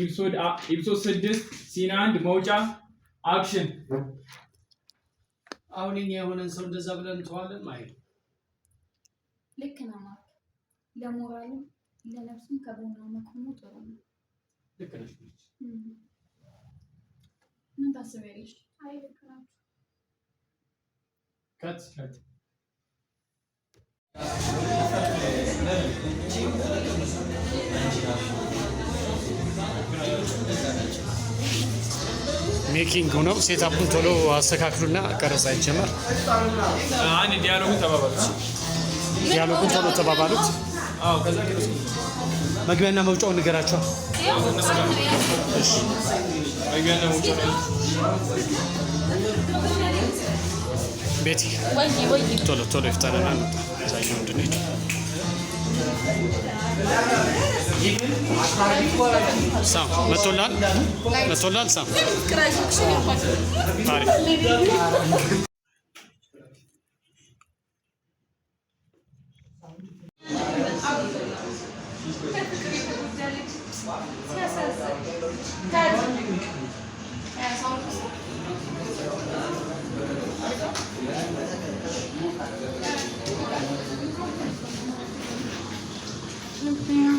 ኢፕሶስ ስድስት ሲና አንድ መውጫ አክሽን። አሁን እኛ የሆነን ሰው እንደዛ ብለን እንተዋለን ማለት ልክ ነው ማለት ለሞራልም ለነፍስም ከጎና መቆሙ ጥሩ ነው። ልክ ነሽ። ምን ታስቢያለሽ? አይ ልክ ከት ከት ሜኪንግ ነው። ሴታፑን ቶሎ አስተካክሉና ቀረጻ ይጀመር። አንድ ዲያሎጉ ተባባሉት፣ ዲያሎጉን ቶሎ ተባባሉት። መግቢያና መውጫውን ንገራቸዋል። ቤቲ ቶሎ ቶሎ ይፍታልና ሳም መቶላል መቶላል ሳም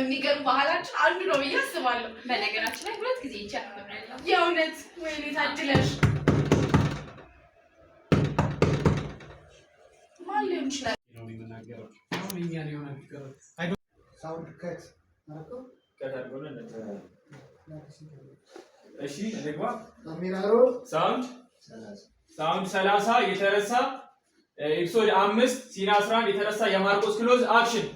የሚገርም ባህላችን አንዱ ነው ብዬ አስባለሁ። በነገራችን ላይ ሁለት ጊዜ ይቻላል። የእውነት ወይኔ ታድለሽ። ማን ሊሆን ይችላል? ሳውንድ ሰላሳ የተረሳ ኤፒሶድ አምስት ሲና አስራ አንድ የተረሳ የማርቆስ ክሎዝ አክሽን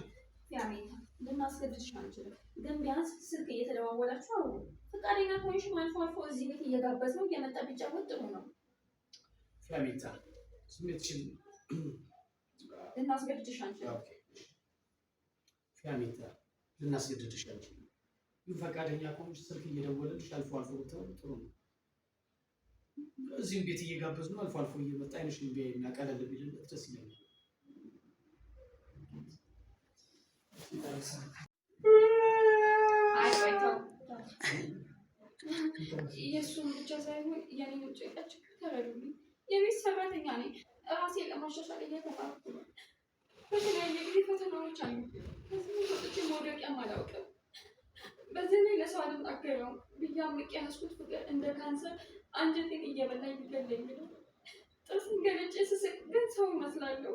ላስገድድሽ አንችልም፣ ግን ቢያንስ ስልክ እየተደዋወላችሁ አውሩ። ፈቃደኛ ከሆንሽም አልፎ አልፎ እዚህ ቤት እየጋበዝ ነው እየመጣ ቢጫወት ጥሩ ነው። ፍላሜታ ስሜትሽን ልናስገድድሽ አንችልም። ፍላሜታ ልናስገድድሽ አንችልም፣ ግን ፈቃደኛ ከሆንሽ ስልክ እየደወለልሽ አልፎ አልፎ ብትሆን ጥሩ ነው። እዚህም ቤት እየጋበዝ ነው አልፎ አልፎ እየመጣ አይነሽን ቢያይና ቀለል ቢልለት ደስ ይለኛል። የእሱን ብቻ ሳይሆን የኔን ጭቃች ተረዱልኝ። የቤት ሰራተኛ ነኝ። ራሴን ለማሻሻል እየተማርኩ ነው። በተለያየ ጊዜ ፈተናዎች አሉ። ከዚህ ወጥቼ መውደቂያም አላውቅም። በዚህ ላይ ለሰው አልናገረውም ብዬ አምቄ ያዝኩት ፍቅር እንደ ካንሰር አንጀቴን እየበላኝ ሊገለኝ ነው። ጥርስን ገልጬ ስስቅ ግን ሰው ይመስላለሁ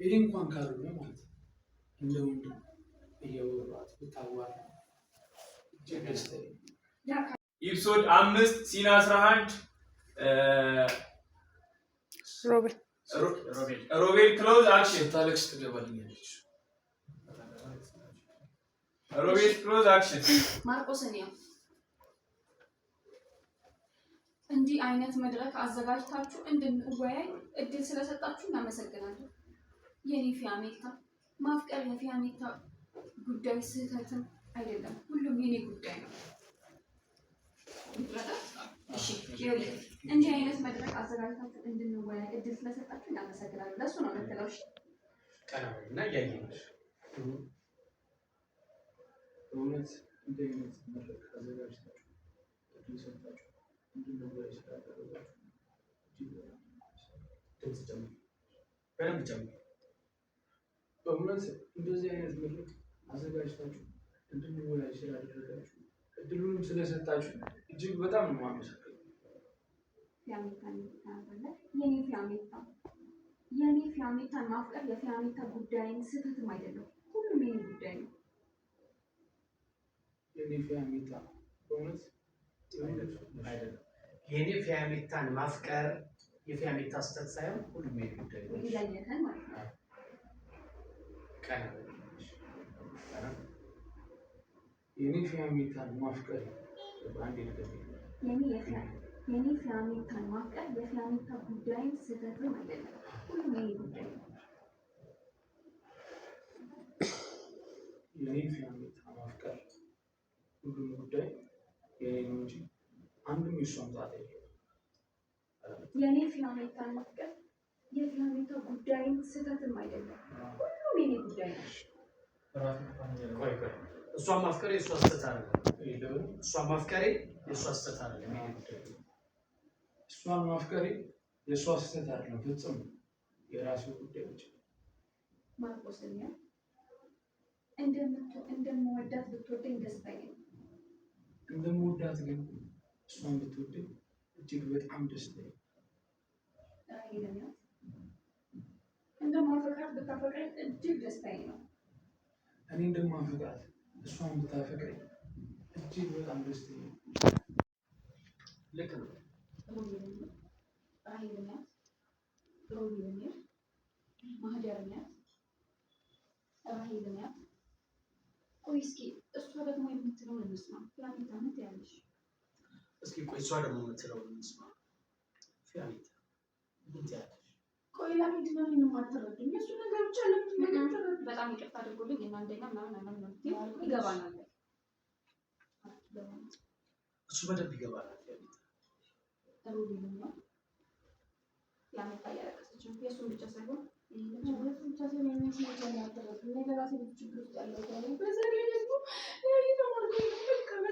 ይሄ እንኳን ካልሆነ ማለት ነው እንደ ወንድም እየወሯት ብታዋራ እጅግ ደስታ ኢፕሶድ አምስት ሲና አስራ አንድ ሮቤል ክሎዝ አክሽን ታለቅስ ትገባልኛለች። ሮቤል ክሎዝ አክሽን ማርቆስን ያው እንዲህ አይነት መድረክ አዘጋጅታችሁ እንድንወያይ እድል ስለሰጣችሁ እናመሰግናለን። የኔ ፊያሜታ ማፍቀር የፊያሜታ ጉዳይ ስህተትም አይደለም። ሁሉም የኔ ጉዳይ ነው። እንዲህ አይነት መድረክ አዘጋጅታችሁ እንድንወያይ እድል ስለሰጣችሁ እናመሰግናለን። ለሱ ነው ምትለው ቀናና እያየ እውነት እንደ አይነት መድረክ አዘጋጅታችሁ እድል ሰጣችሁ በደንብ ጨምሩ። በእውነት እንደዚህ አይነት መድረክ አዘጋጅታችሁ እንድንወያይ ስላደረጋችሁ እድሉንም ስለሰጣችሁ እጅግ በጣም ነው የማመሰግነው። የኔ ፊያሜታ የኔ ፊያሜታን ማፍቀር የፊያሜታ ጉዳይን ስህተትም አይደለም፣ ሁሉም የኔ ጉዳይ ነው። የኔ ፊያሜታ በእውነት አይደለም የኔ ፊያሜታን ማፍቀር የፊያሜታ ስተት ሳይሆን ሁሉም የኔ ጉዳይ የኔ ፊያሜታን ማፍቀር አንድ ነገር የኔ ፊያሜታን ማፍቀር የፊያሜታ ጉዳይም ስተትም አይደለም፣ ሁሉም የኔ ጉዳይ ነው። የኔ ፊያሜታ ማፍቀር ሁሉም ጉዳይ የኔ ነው እንጂ አንዱም የእሷም ጣት የለም። የእኔ ፊዮኔታ መፍቀር የፊዮኔታ ጉዳይም ስህተትም አይደለም። ሁሉም የኔ ጉዳይ ነው። እሷ ማፍቀሬ የእሷ ስህተት አይደለም። እሷ ማፍቀሬ የእሷ ስህተት አይደለም። እሷን ማፍቀሬ የእሷ ስህተት አይደለም። ፍጹም የራሱ ጉዳይ ነው። ማርቆስ እንደምወዳት ብትወደኝ ደስታዬ ነው። እንደምወዳት ግን እሷ እንድትወደኝ እጅግ በጣም ደስታ እንደማፈቅራት እኔ እንደማፈቅራት እሷን ብታፈቅረኝ እጅግ በጣም ደስታዬ ነው። ልክ ነው። ቆይ እስኪ እሷ ደግሞ የምትለውን እንስማ። ላሚታነት ያለሽ እስኪ ቆይ እሷ ደግሞ የምትለው እንስማ። ቆይ ለምንድን ነው ምንም አልተረዱኝ? እሱ ነገር ብቻ ለምን በጣም ይቅርታ አድርጎልኝ እናንተኛ ምናምን አላምንም። ይገባናል፣ እሱ በደንብ ይገባናል። ሩቢንም ነው ያመጣ እያለቀሰች የእሱን ብቻ ሳይሆን በዛ ላይ ደግሞ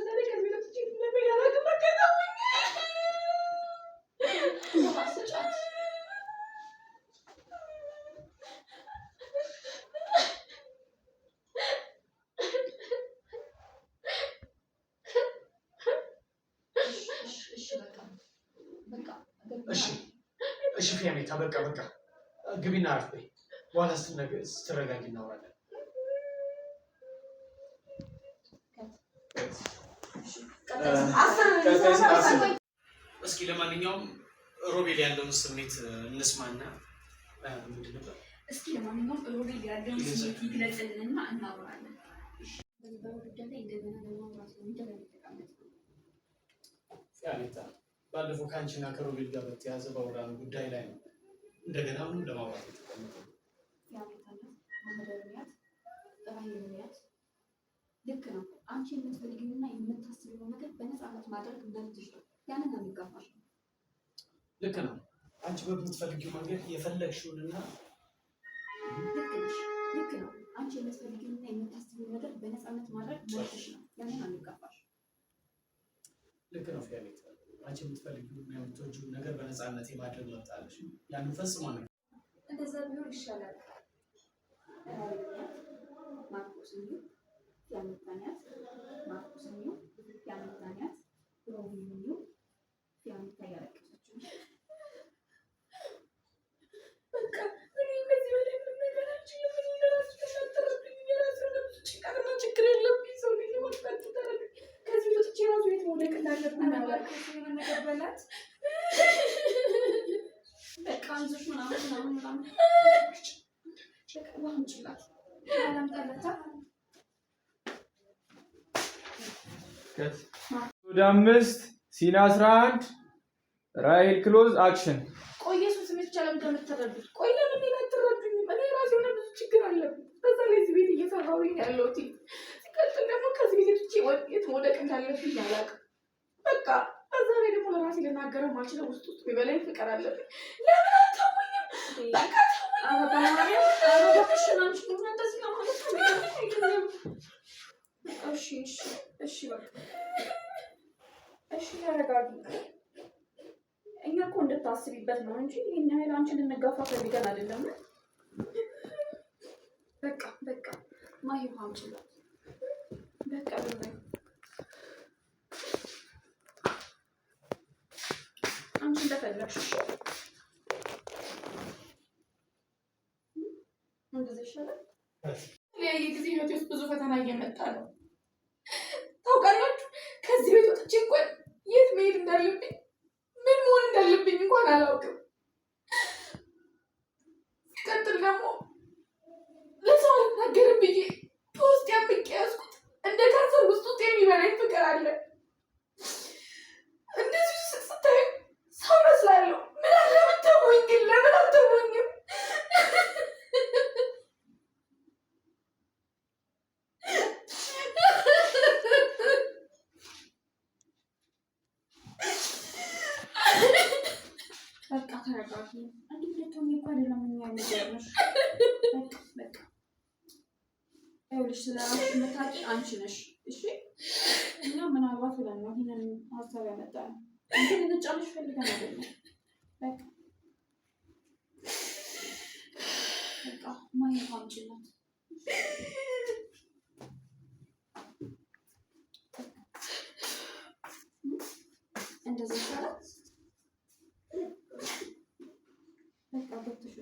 በዛ ላይ ከዚህ እሺ ፊያሜታ በቃ በቃ ግቢና አረፍ በይ። በኋላ ስትረጋጊ እናወራለን። እስኪ ለማንኛውም ሮቤል ያለውን ስሜት እንስማና እስኪ ለማንኛውም ሮቤል ያለውን ስሜት ይግለጽልንና እናወራለን። ባለፈው ከአንቺና ከሮቤል ጋር በተያዘ በአውራን ጉዳይ ላይ ነው እንደገና ምንም ለማውራት የተቀመጠ ልክ ነው። አንቺ የምትፈልጊውና የምታስቢው ነገር በነፃነት ማድረግ መብትሽ ነው። ያንን ነው ልክ ነው። አንቺ በምትፈልጊው መንገድ የፈለግሽውንና ልክ ነው። አንቺ የምትፈልጊውና የምታስቢው ነገር በነፃነት ማድረግ መብትሽ ነው። ያንን ነው ልክ ነው ፊያቤት። አንቺ የምትፈልጊውና የምትወጂው ነገር በነፃነት የማድረግ መብት ያንን ፈጽሞ ነው። እንደዛ ቢሆን ይሻላል። ማርቆስ እንዲሁ ፊያመጣንያት ማርቆስ ኒው ፊያመጣንያት ሮሚ ኒው ፊያመጣ ያለ ወደ አምስት ሲን አስራ አንድ ራይል ክሎዝ አክሽን። ቆይ እሱስ የሚቻለው እንደምትረዱት ቆይ፣ ለምን አትረዱኝ? እኔ ራሴ የሆነ ብዙ ችግር አለብኝ። በዛ ላይ እዚህ ቤት እየሰራሁኝ ያለው ሲቀጥል ደግሞ ከዚህ ቤት ውጭ የት መውደቅ እንዳለብኝ አላውቅም። በቃ በዛ ላይ ደግሞ ለራሴ ልናገረው ማልችለው ውስጥ ውስጥ የሚበላኝ ፍቅር አለብኝ። ለምን አታውኝም? በቃ እሺ፣ እሺ፣ እሺ በቃ እሺ ያረጋሉ። እኛ እኮ እንድታስቢበት ነው እንጂ ይህን ያህል አንቺን ልንጋፋ ፈልገን አይደለም። በቃ በቃ ማይሆን አንችላል። በቃ አንቺ እንደፈለግሽ እንደዚህ ይሻላል። ጊዜ ውስጥ ብዙ ፈተና እየመጣ ነው ታውቃላችሁ። ከዚህ ቤት ወጥቼ እንኳን ይህንን ሀሳብ ያመጣ ነው። ልንጫንሽ ፈልገን አይደለም። በቃ ማየት አንችላት እንደዚህ ይሻላል። በቃ ገብተሽ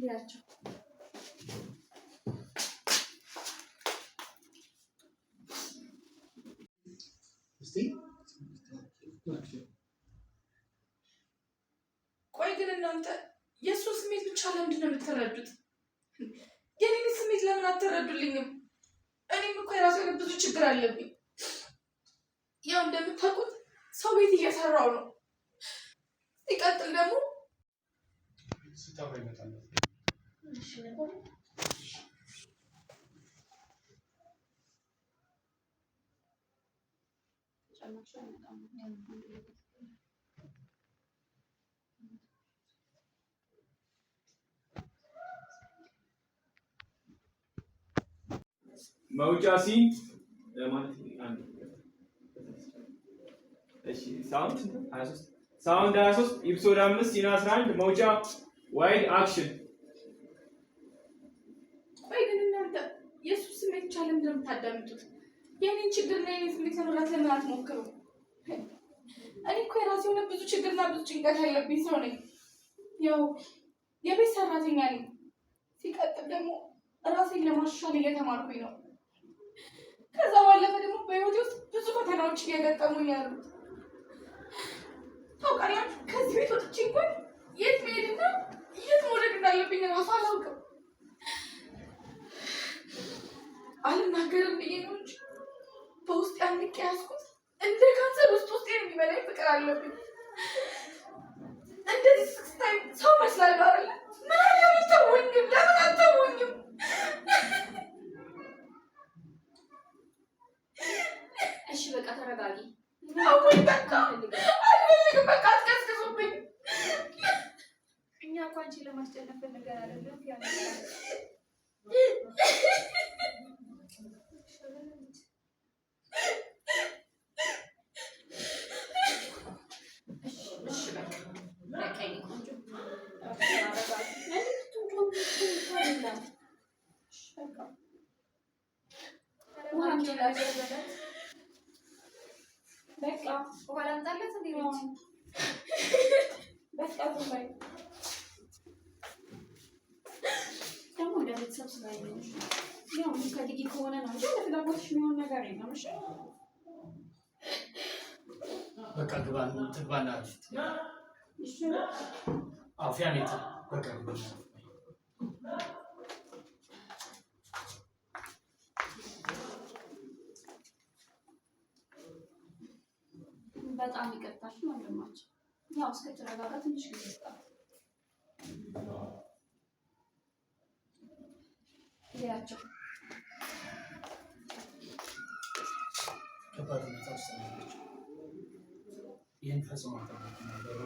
ብላቸው ቆይ ግን እናንተ የእሱን ስሜት ብቻ ለምንድን ነው የምትረዱት? የኔን ስሜት ለምን አትረዱልኝም? እኔም እኮ የራሱ ብዙ ችግር አለብኝ። ያው እንደምታውቁት ሰው ቤት እየሰራው ነው። ሲቀጥል ደግሞ መውጫ ሲን ማለት ሳውንድ 23 ሳውንድ ኢፕሶድ 5 ሲና 11 መውጫ ዋይድ አክሽን ስሜት ብቻ ለምንድን ነው የምታዳምጡት? የኔን ችግር እና የኔን ስሜት ለመራት ለምን አትሞክሩ? እኔ እኮ የራሴ የሆነ ብዙ ችግርና ብዙ ጭንቀት ያለብኝ ሰው ነኝ። ያው የቤት ሰራተኛ ነኝ። ሲቀጥል ደግሞ ራሴን ለማሻሻል እየተማርኩኝ ነው። ከዛ ባለፈ ደግሞ በህይወቴ ውስጥ ብዙ ፈተናዎች እያጋጠሙኝ ያሉ ታውቃላችሁ። ከዚህ ቤት ወጥቼ እንኳን የት መሄድና የት መውደቅ እንዳለብኝ ራሱ አላውቅም። አልናገርም ብዬ ነው እንጂ በውስጥ ያንቅ ያዝኩት እንደ ካንሰር ውስጥ ውስጤን የሚበላኝ ፍቅር አለብኝ እንደዚህ ስክስታይ ሰው ቤተሰብ ስላለሽ ያው ከድጊ ከሆነ ነው እንጂ ለፍላጎትሽ የሚሆን ነገር የለም። እሺ በቃ ግባ ትግባና አፍያ በቃ በጣም ይቀጣሽ ወንድማችን ያው እስከተረጋጋ ትንሽ ጊዜ ይጣል Diğer açacağım. Kapadım birkaç tane. ይህን ፈጽሞ ተናገሩ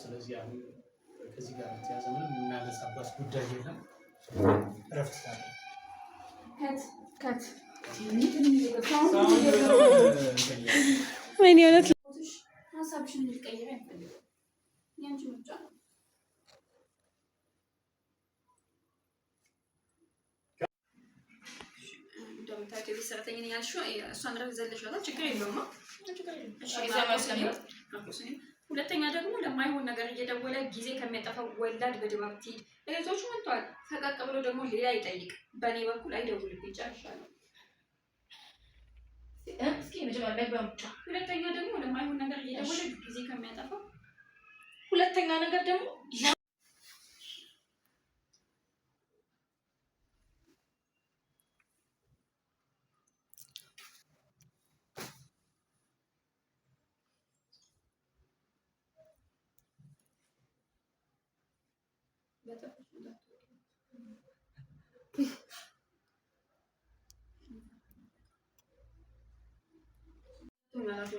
ስለዚህ አሁን ከዚህ ጋር የተያዘ ምንም የምናነሳባት ጉዳይ የለም። እረፍት ሳለ ምን የሆነት ሀሳብሽን ልቀይረን እንትን ያልሺው እሷን ረፍ ዘለሻታል። ችግር የለውም። ሁለተኛ ደግሞ ለማይሆን ነገር እየደወለ ጊዜ ከሚያጠፋው ወላድ በድባብ ትሂድ። ለሌሎቹ መጥተዋል። ፈቀቅ ብሎ ደግሞ ሌላ ይጠይቅ። በእኔ በኩል አይደውልብኝ ይቻልሻል። ሁለተኛ ደግሞ ለማይሆን ነገር እየደወለ ጊዜ ከሚያጠፋው ሁለተኛ ነገር ደግሞ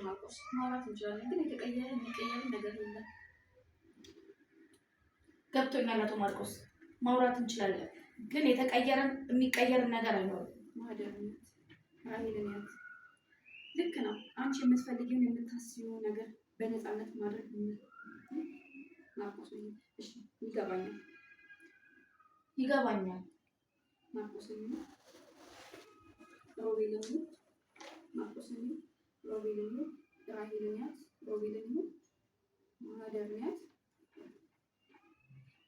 ማቆስ ማውራት እንችላለን፣ ግን የተቀየረ የሚቀየር ነገር የለም። ገብቶኛል አቶ ማርቆስ፣ ማውራት እንችላለን፣ ግን የተቀየረን የሚቀየር ነገር አይኖርም። ማደርነት ልክ ነው። አንቺ የምትፈልጊውን የምታስቢው ነገር በነፃነት ማድረግ ይገባኛል ማርቆስ፣ ሮቤ ማርቆስ ሮቤልኒ ራሂልንያት ሮቤልኒ ማደርንያት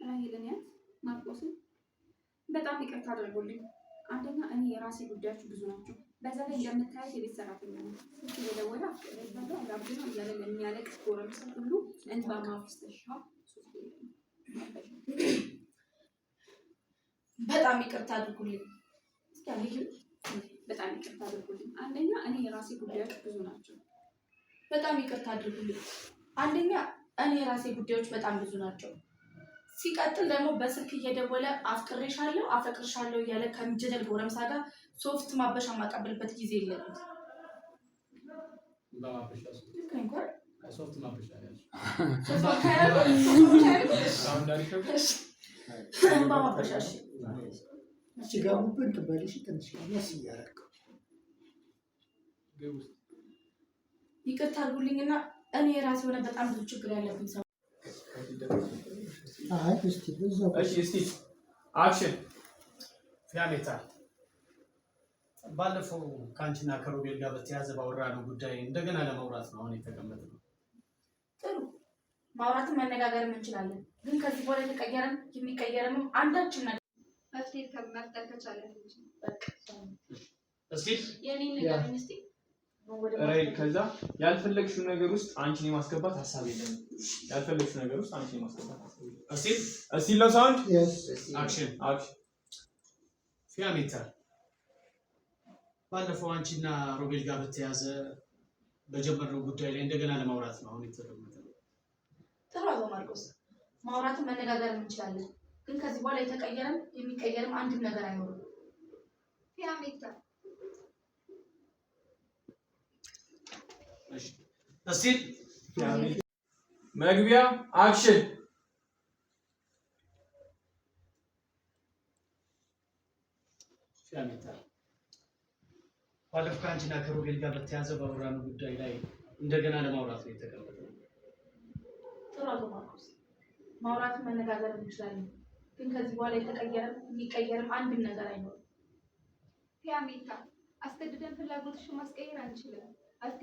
ራሂልንያት ማርቆስን በጣም ይቅርታ አድርጎልኝ። አንደኛ እኔ የራሴ ጉዳዮች ብዙ ናቸው። በዛ ላይ እንደምታየት የቤት ሰራተኛ ነው። ስልክ እየደወለ አፍቅሬታለሁ አጋብዘው እያለ ለሚያለቅስ ጎረምሳ ሁሉ እንባ ማፍሰሻ በጣም ይቅርታ አድርጉልኝ። በጣም ይቅርታ አድርጉልኝ። አንደኛ እኔ የራሴ ጉዳዮች ብዙ ናቸው። በጣም ይቅርታ አድርጉልኝ። አንደኛ እኔ የራሴ ጉዳዮች በጣም ብዙ ናቸው። ሲቀጥል ደግሞ በስልክ እየደወለ አፍቅሬሻለሁ፣ አፈቅርሻለሁ እያለ ከምጀደል ጎረምሳ ጋር ሶፍት ማበሻ የማቀበልበት ጊዜ የለበት። ሲጋቡብን ትበልሽ ትንሽ ያስ እያረግ ይቅርታ አድርጉልኝና እኔ የራሴ የሆነ በጣም ብዙ ችግር ያለብኝ ሰው አክሽን ፊያሜታ ባለፈው ከአንቺና ከሮቤል ጋር በተያዘ ባወራ ጉዳይ እንደገና ለማውራት ነው አሁን የተቀመጠ ነው። ጥሩ ማውራትም መነጋገርም እንችላለን፣ ግን ከዚህ በኋላ የተቀየረም የሚቀየረምም አንዳችን ነገር መፍትሄ ከመፍጠር ከቻለን እስኪ የኔ ነገር እስኪ ራይል ከዛ ያልፈለግሽው ነገር ውስጥ አንቺን የማስገባት ሀሳብ የለም። ያልፈለግሽው ነገር ውስጥ አንቺን የማስገባት ሀሳብ የለም። እስቲ እስቲ ለው ሳውንድ አክሽን አክሽን ፊያሜታ ባለፈው አንቺና ሮቤል ጋር በተያዘ በጀመርነው ጉዳይ ላይ እንደገና ለማውራት ነው አሁን የተደመጠው። ተራዞ ማርቆስ ማውራትን መነጋገር እንችላለን፣ ግን ከዚህ በኋላ የተቀየረም የሚቀየርም አንድም ነገር አይኖርም። ፊያሜታ እስቲ መግቢያ አክሽን ባለፈው ከአንቺና ከሮቤል ጋር በተያዘ በአብርሃም ጉዳይ ላይ እንደገና ለማውራት ነው የተቀመጥነው። ጥሩ አቶ መነጋገር እንችላለን፣ ግን ከዚህ በኋላ የተቀየረም የሚቀየርም አንድም ነገር አይኖርም። ፒያሜታ፣ አስገድደን ፍላጎትሽን ማስቀየር አንችልም። አስቴ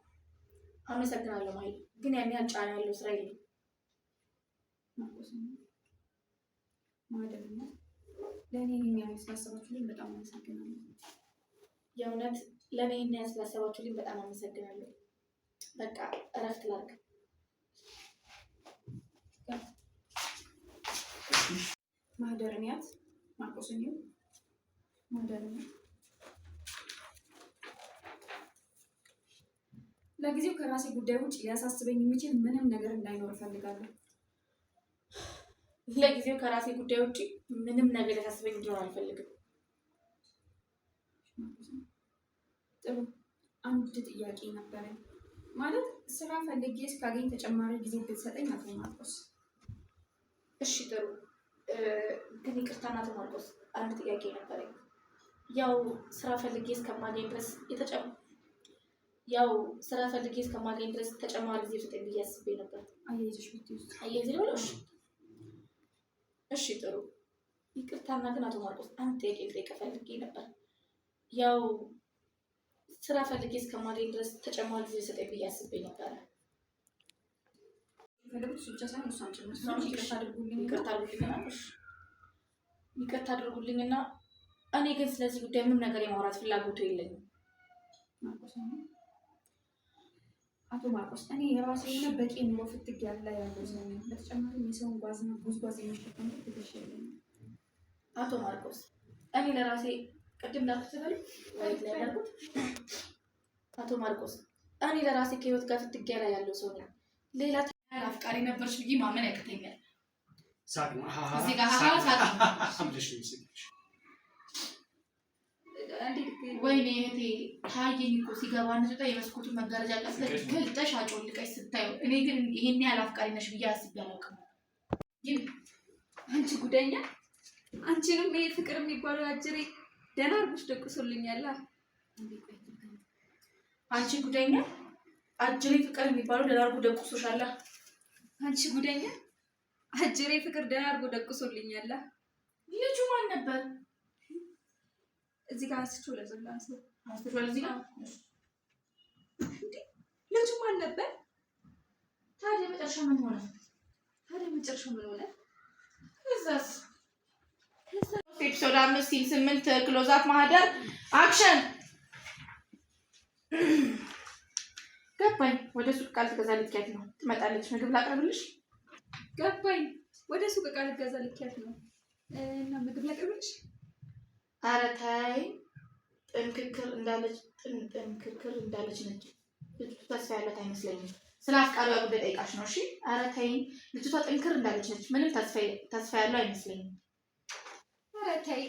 አመሰግናለሁ ማሂ። ግን ያን ያህል ጫና ያለው ስራ የለም። ማደግና ለእኔ ይህን ስላሰባችሁልኝ በጣም አመሰግናለሁ። የእውነት ለእኔ ይህን በጣም አመሰግናለሁ። በቃ እረፍት ላድርግ። ማህደር ኒያት ማቆስ ማህደር ኒያት ለጊዜው ከራሴ ጉዳይ ውጭ ሊያሳስበኝ የሚችል ምንም ነገር እንዳይኖር እፈልጋለሁ። ለጊዜው ከራሴ ጉዳይ ውጭ ምንም ነገር ሊያሳስበኝ እንዲኖር አልፈልግም። ጥሩ። አንድ ጥያቄ ነበረኝ። ማለት ስራ ፈልጌ እስካገኝ ተጨማሪ ጊዜ ብትሰጠኝ አቶ ማርቆስ። እሺ፣ ጥሩ። ግን ይቅርታና አቶ ማርቆስ አንድ ጥያቄ ነበረኝ። ያው ስራ ፈልጌ እስከማገኝ ድረስ ያው ስራ ፈልጌ እስከማገኝ ድረስ ተጨማሪ ጊዜ ስጠኝ ብዬ አስቤ ነበር። አየሽ፣ እሺ ጥሩ ይቅርታና፣ ግን አቶ ማርቆስ አንድ ጥያቄ ልጠይቅ ፈልጌ ነበር። ያው ስራ ፈልጌ እስከማገኝ ድረስ ተጨማሪ ጊዜ ስጠኝ ብዬ አስቤ ነበረ። ይቅርታ አድርጉልኝና እኔ ግን ስለዚህ ጉዳይ ምን ነገር የማውራት ፍላጎቱ የለኝም። አቶ ማርቆስ እኔ የራሴ የሆነ በቂ ኑሮ ፍትግ ያለ ያለ ሰው በተጨማሪም የሰውን ጓዝና ጉዝጓዝ የሚሸከምበት የተሻለ አቶ ማርቆስ እኔ ለራሴ ቅድም ላልኩት በል ላይ ያልኩት አቶ ማርቆስ እኔ ለራሴ ከህይወት ጋር ፍትግ ያለ ያለው ሰው ነው። ሌላ አፍቃሪ ነበርሽ ብዬ ማመን ያቅተኛል። ሳቅማ ሳቅማ ሳቅማ ወይኔ እህቴ ታየኝ እኮ ሲገባ ንስጣ የመስኮቱን መጋረጃ ቀስለሽ ገልጠሽ አጮልቀሽ ስታዩ። እኔ ግን ይሄን ያህል አፍቃሪ ነሽ ብዬ አስቤ አላውቅም። ግን አንቺ ጉደኛ፣ አንቺንም ይሄ ፍቅር የሚባለው አጅሬ ደህና አድርጎሽ ደቅሶልኛል። አንቺ ጉደኛ፣ አጅሬ ፍቅር የሚባለው ደህና አድርጎ ደቅሶሻል። አንቺ ጉደኛ፣ አጅሬ ፍቅር ደህና አድርጎ ደቅሶልኛል። ልጁ ማን ነበር? እዚህ ጋር አንስቼው ለዘላ አንስቼዋል። እዚህ ጋር ልጁም አልነበር። ታዲያ መጨረሻ ምን ሆነ? ታዲያ መጨረሻ ምን ሆነ? ከዛስ ኤፒሶድ አምስት ሲል ስምንት ክሎዛት ማህደር አክሽን ገባኝ። ወደ ሱቅ ቃል ትገዛ ልኪያት ነው ትመጣለች። ምግብ ላቅርብልሽ። ገባኝ። ወደ ሱቅ ቃል ትገዛ ልኪያት ነው እና ምግብ ላቅርብልሽ ኧረ ተይ ጥንክክር እንዳለች ጥንክክር እንዳለች ነች። ልጅቱ ተስፋ ያላት አይመስለኝም። ስለ አፍቃሪዋ ጉዳይ ጠይቃሽ ነው? እሺ። ኧረ ተይ ልጅቷ ጥንክር እንዳለች ነች። ምንም ተስፋ ያለው አይመስለኝም። ኧረ ተይ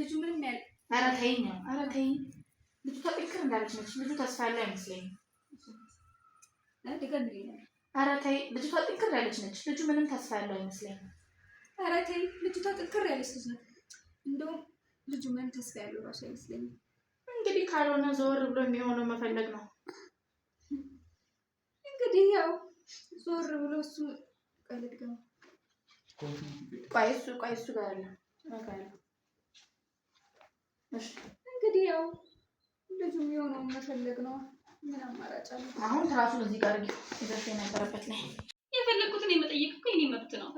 ልጁ ምንም ያለ ኧረ ተይ ነው። ኧረ ተይ ልጅቷ ጥንክር እንዳለች ነች። ልጁ ተስፋ ያለው አይመስለኝም። ኧረ ተይ ልጅቷ ጥንክር ያለች ነች። ልጁ ምንም ተስፋ ያለው አይመስለኝም። ኧረ ተይ ልጅቷ ጥንክር ያለች ነች። እንደውም ልጁ መንፈስ ያለው ራሱ አይመስለኝም። እንግዲህ ካልሆነ ዞር ብሎ የሚሆነው መፈለግ ነው። እንግዲህ ያው ዞር ብሎ እሱ ቀልድ ገባ። ቆይ እሱ ቆይ እሱ ጋር ያለ እንግዲህ ያው ልጁ የሚሆነውን መፈለግ ነው። ምን አማራጭ አለ? አሁን ትራሱን እዚህ ጋር ይዘሽ የነበረበት ላይ የፈለግኩትን የመጠየቅ እኮ የኔ መብት ነው።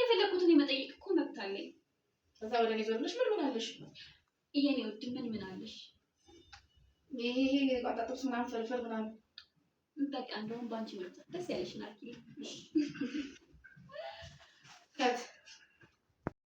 የፈለግኩትን የመጠየቅ እኮ መብት አለኝ። ከዛ ወደ እኔ ዞር ምን ምን አለሽ? እየኔ ውድ ምን ምን አለሽ? ይሄ ቋጣ ጥብስ ምናምን ፍርፍር ምናምን በቃ እንደውም በአንቺ መርጫ ደስ ያለሽ ናት።